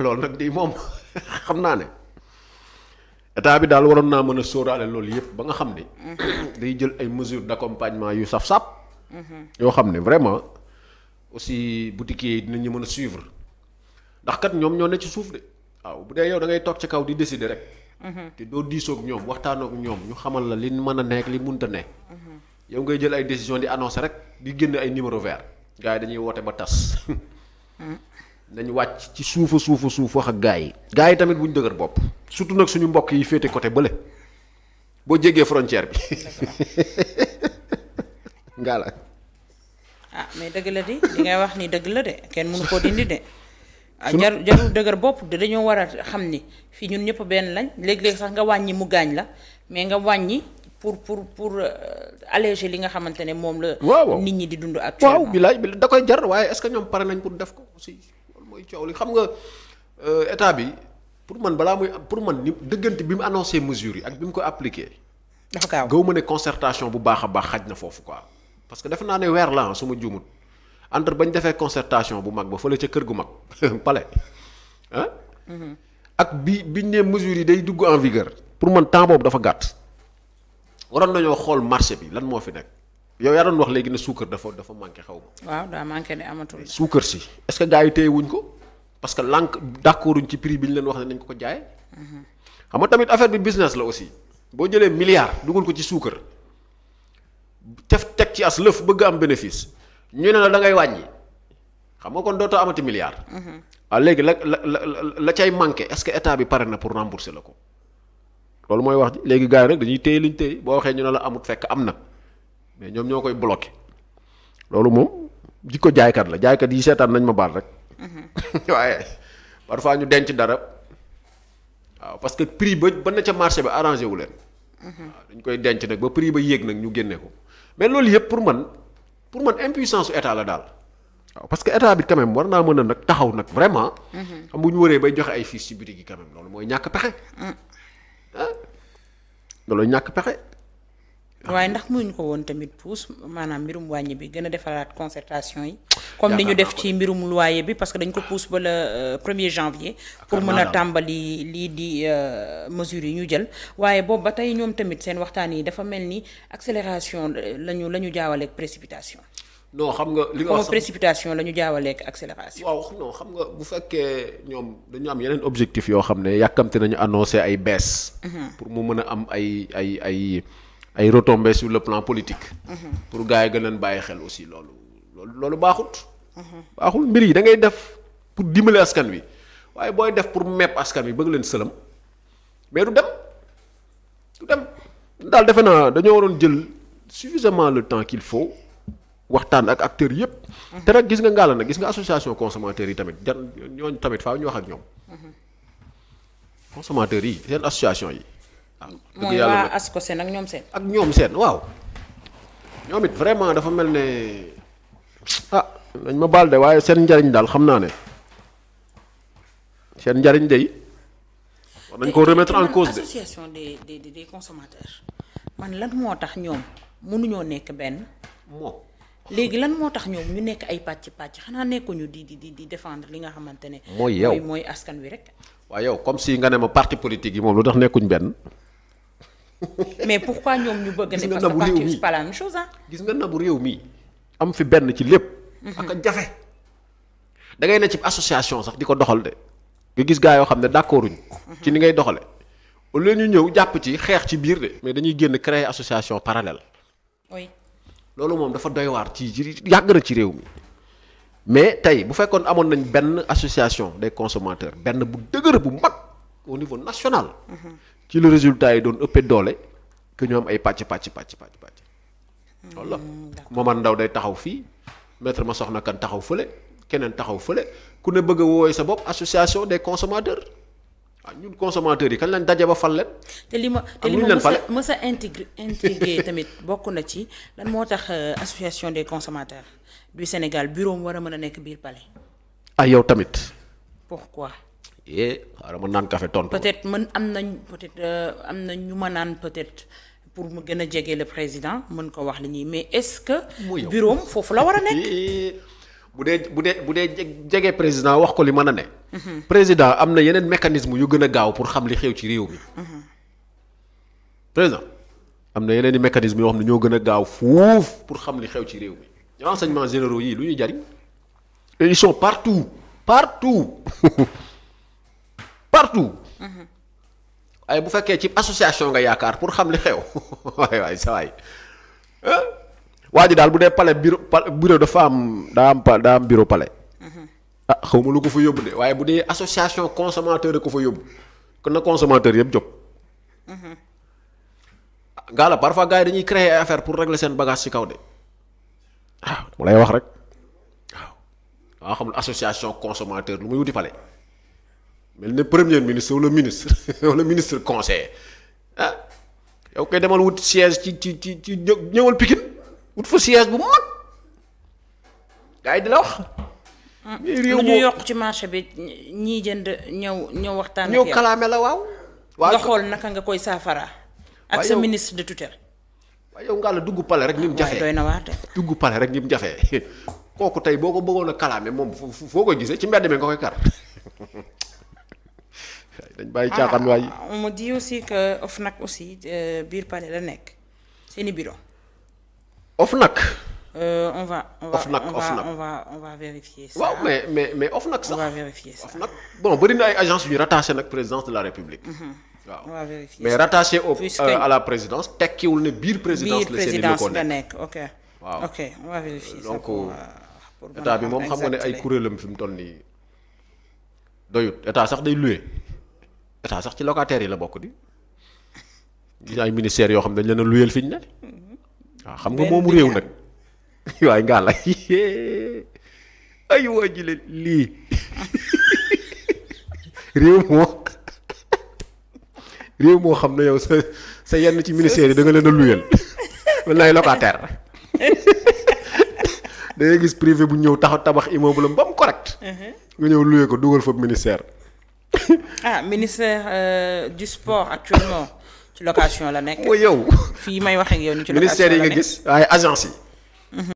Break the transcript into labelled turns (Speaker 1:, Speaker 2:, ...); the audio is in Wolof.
Speaker 1: loolu nag di moom xam naa ne état bi daal waroon naa mën a sóoraale loolu yëpp ba nga xam ni. day jël ay mesures d'accompagnement yu saf-saf. yoo xam ne vraiment aussi boutiques yi ñu mën a suivre ndax kat ñoom ñoo ne ci suuf de waaw bu dee yow da ngay toog ci kaw di décider rek. te doo diisoog ñoom waxtaanoog ñoom ñu xamal la li mën a nekk li mënta ne yow ngay jël ay décision di annoncer rek di génn ay numéro vert gars yi dañuy woote ba tas. nañ wàcc ci suufa suufa suuf wax ak gaa yi gaa yi tamit bu ñu dëgër bopp surtout nag suñu mbokk yi féete côté bële boo jegee frontière bi ngaa la
Speaker 2: ah mais dëgg la di li ngay wax ni dëgg la de kenn mënu koo dindi de ah, jarul dëgër bopp de dañoo war a xam ni fii ñun ñëpp benn lañ léeg-léeg sax nga wàññi mu gaañ la mais nga wàññi pour pour pour euh, alléger li nga xamante ne moom la. nit
Speaker 1: ñi di dund actuellement waaw bilaay bi da koy jar waaye est-ce que ñoom pare nañ pour def ko mooy coow xam nga euh, état bi pour man balaa muy pour man ni dëggante bi mu annoncé mesures yi ak bi mu ko appliqué. dafa gaaw gaw ma ne consertation bu baax a baax xaj na foofu quoi. parce que defe naa ne weer la ah, su ma juumut entre bañ defee consertation bu mag ba fële ca kër gu mag palais ah. ak bi biñ ne mesure yi day dugg en vigueur. pour man temps boobu dafa gàtt. waroon nañoo xool marché bi lan moo fi nekk. yow yaa doon wax léegi ne suukar dafa dafa manqué xaw ma.
Speaker 2: waaw daa manqué ne amatul.
Speaker 1: suukar si est-ce que gars yi téye wuñ ko parce que lànk d'accorduñ ci prix bi ñu leen wax ne nañ ko ko jaayee. Mm-hmm. xam nga tamit affaire bi business la aussi boo jëlee milliard dugal ko ci suukar tef teg ci bëgg am bénéfice ñu ne da ngay wàññi xam nga kon dootoo amati milliard. waaw mm-hmm. ah, léegi la la la la cay manqué est-ce que état bi pare na pour rembourser la ko loolu mooy wax ji léegi gars yi nag dañuy téye liñ téye boo waxee ñu ne la amut fekk am na. mais ñoom ñoo koy bloqué loolu moom jikko jaaykat la jaaykat yi seetaan nañ ma baal rek. Mhm. waaye parfois ñu denc dara waaw parce que prix ba ba na ca marché bi arrangé wu leen. Mhm. waaw dañ koy denc nag ba prix ba yéeg nag ñu génne ko mais loolu yëpp pour man pour man impuissance su état la daal. waaw parce que état bi quand war naa mën a nag taxaw nag vraiment. Mhm. xam bu ñu waree bay joxe ay fiches ci bitig yi quand même loolu mooy ñàkk pexe.
Speaker 2: Mm. Ah,
Speaker 1: loolu ñàkk pexe.
Speaker 2: Ah. waaye ndax muñ ko woon tamit puus maanaam mbirum wàññi bi gën a defaraat concertation yi comme ni ñu def ci mbirum loyer bi parce que dañ ko puus ba la euh, premier janvier pour mën a tàmbali lii di euh, mesures yi ñu jël waaye boobu ba tey ñoom tamit seen waxtaan yi dafa mel ni accélération lañu la ñu jaawaleeg précipitation
Speaker 1: non xam nga li la ñu jaawaleeg accélération. waaw non xam nga bu fekkee ñoom dañu am yeneen objectif yoo xam ne yàkkamte nañu annoncé ay baisse. Mhm. pour mu mën a am ay ay ay. ay retombées sur le plan politique. Mhm. pour gars yi gën leen bàyyi xel aussi loolu loolu loolu baaxut. baaxul mbir yi da ngay def pour dimbali askan wi waaye booy def pour mepp askan wi bëgg leen sëlam mais du dem du dem daal defe naa dañoo waroon jël suffisamment le temps qu'il faut waxtaan ak acteurs yëpp. Mhm. te nag gis nga ngàlla nag gis nga association consommateurs yi tamit jar ñooñu tamit faaw ñu wax ak ñoom. Mhm. consommateurs yi seen association yi. Ah, mooy waa
Speaker 2: ASCOSEN ak ñoom seen.
Speaker 1: ak ñoom seen waaw. ñoom it vraiment dafa mel ne ah. dañ ma baal de waaye seen njariñ daal xam naa ne seen njariñ de war nañ ko remettre en cause
Speaker 2: des des des consommateurs man lan moo tax ñoom mënuñoo nekk benn. léegi lan moo tax ñoom ñu nekk ay pàcc pàcc xanaa nekkuñu di di di défendre li nga xamante ne. mooy yow mooy askan wi rek.
Speaker 1: waaw yow comme si nga ne ma parti politique yi moom lu tax nekkuñ benn.
Speaker 2: mais pourquoi ñoom ñu bëgg ne parce que parti bi
Speaker 1: gis nga bu réew mi am fi benn ci lépp. Mhm. ak jafe. da ngay ne ci association sax di ko doxal de nga gis gaa yoo xam ne d'accorduñ mhm. ci ni ngay doxale au lieu ñu ñëw jàpp ci xeex ci biir mais dañuy génn créer association parallèle. oui loolu moom dafa doy ci ci yàgg na ci réew mi. mais tey bu fekkoon amoon nañ benn association des consommateurs benn bu dëgër bu mag au niveau national. Mhm. ci lu résultat yi doon ëppee doole que ñu am ay pàcc pacc pacc pàcc pàcc. loolu la ndaw hmm, Ndao day taxaw fii maître ma soxna kan taxaw fële keneen taxaw fële ku ne bëgg a woowee sa bopp association des consommateurs. ah ñun consommateurs yi kañ lañ daje ba fal leen. te li ma te li ma
Speaker 2: mës a intrigué tamit bokk na ci lan moo tax euh, association des consommateurs bi Sénégal bureau mu war a mën a nekk biir palais. ah yow tamit. pourquoi.
Speaker 1: eh xaaral ma naan café tontu. peut
Speaker 2: mën am na euh, ñu ma naan peut-être pour mu gën a jege le président mën ko wax li ñuy mais est-ce que. bureau am foofu la
Speaker 1: war a nekk. Eh, bu dee bu dee bu dee jege président wax ko li mën a ne. Mhm. président am na yeneen mécanisme yu gën a gaaw pour xam li xew ci réew mi. Mhm. président am na yeneen i mécanisme yoo xam ne ñoo gën a gaaw fuuf pour xam li xew ci réew mi. renseignements généraux yii lu ñuy jariñ eh, ils sont partout partout partout. Mhm. ay bu fekkee ci association nga yaakaar pour xam li xew waay waay sa waay waa ji daal bu dee palais bureau bureau dafa am daa am daa am bureau pale mhm. ah xaw ma lu ko fa yóbbu de waaye bu dee association consommateur ko fa yóbbu kon na consommateur yëpp jóg. Mhm. gaa la parfois gars yi dañuy créer affaire pour régler seen bagage ci kaw de ah, mu lay wax rek waaw. waa association consommateur lu muy wuti palais. mel ne premier ministre wala ministre wala ministre conseiller ah yow koy demal wut siège ci ci ci ci ñëwal Pikine wut fa siège bu mag gars yi di la wax.
Speaker 2: Hmm. réew ñu yokk ci marché bi ñii jënd ñëw ñëw waxtaan. la waaw. waaw nga xool naka nga koy saafara ak sa ministre de tutelle.
Speaker 1: waaye yow nga dugg pale rek ni mu jafee doy na waar dugg pale rek ni jafe jafee kooku tey boo ko bëggoon a kalaame moom foo ko gisee ci mbedd mi nga koy kar dañ bàyyi ah, caaxaan waay
Speaker 2: on me aussi que OFNAC aussi euh, biir palais la nekk seeni bureau OFNAC euh, on va on va OFNAC
Speaker 1: on va mais mais bon bëri na ay agence yu rattaché nag présidence de la république mhm. waaw mais rattaché au euh, à la présidence tekkiwul ne biir présidence la nekk ok
Speaker 2: waaw ok on va vérifier donc
Speaker 1: état bi moom xam ne ay kuréelam fi mu toll nii doyut état sax day loué. état sax ci locataires yi la bokk di gis ay ministères yoo xam ne dañ leen a luyeel fi ne waaw xam nga moomu réew nag waaye ngaa la ay waa ji leen lii réew moo réew moo xam ne yow sa sa yenn ci ministères yi da leen a luyeel wala ay locataire da gis privé bu ñëw taxaw tabax immeuble am ba mu correct uh-huh. nga ñëw luyee ko dugal fa ministère
Speaker 2: ah ministère euh, du sport actuellement ci location la nekk. yow fii may wax ak yow. ci location la nekk ministère yi gis
Speaker 1: waaye agence yi.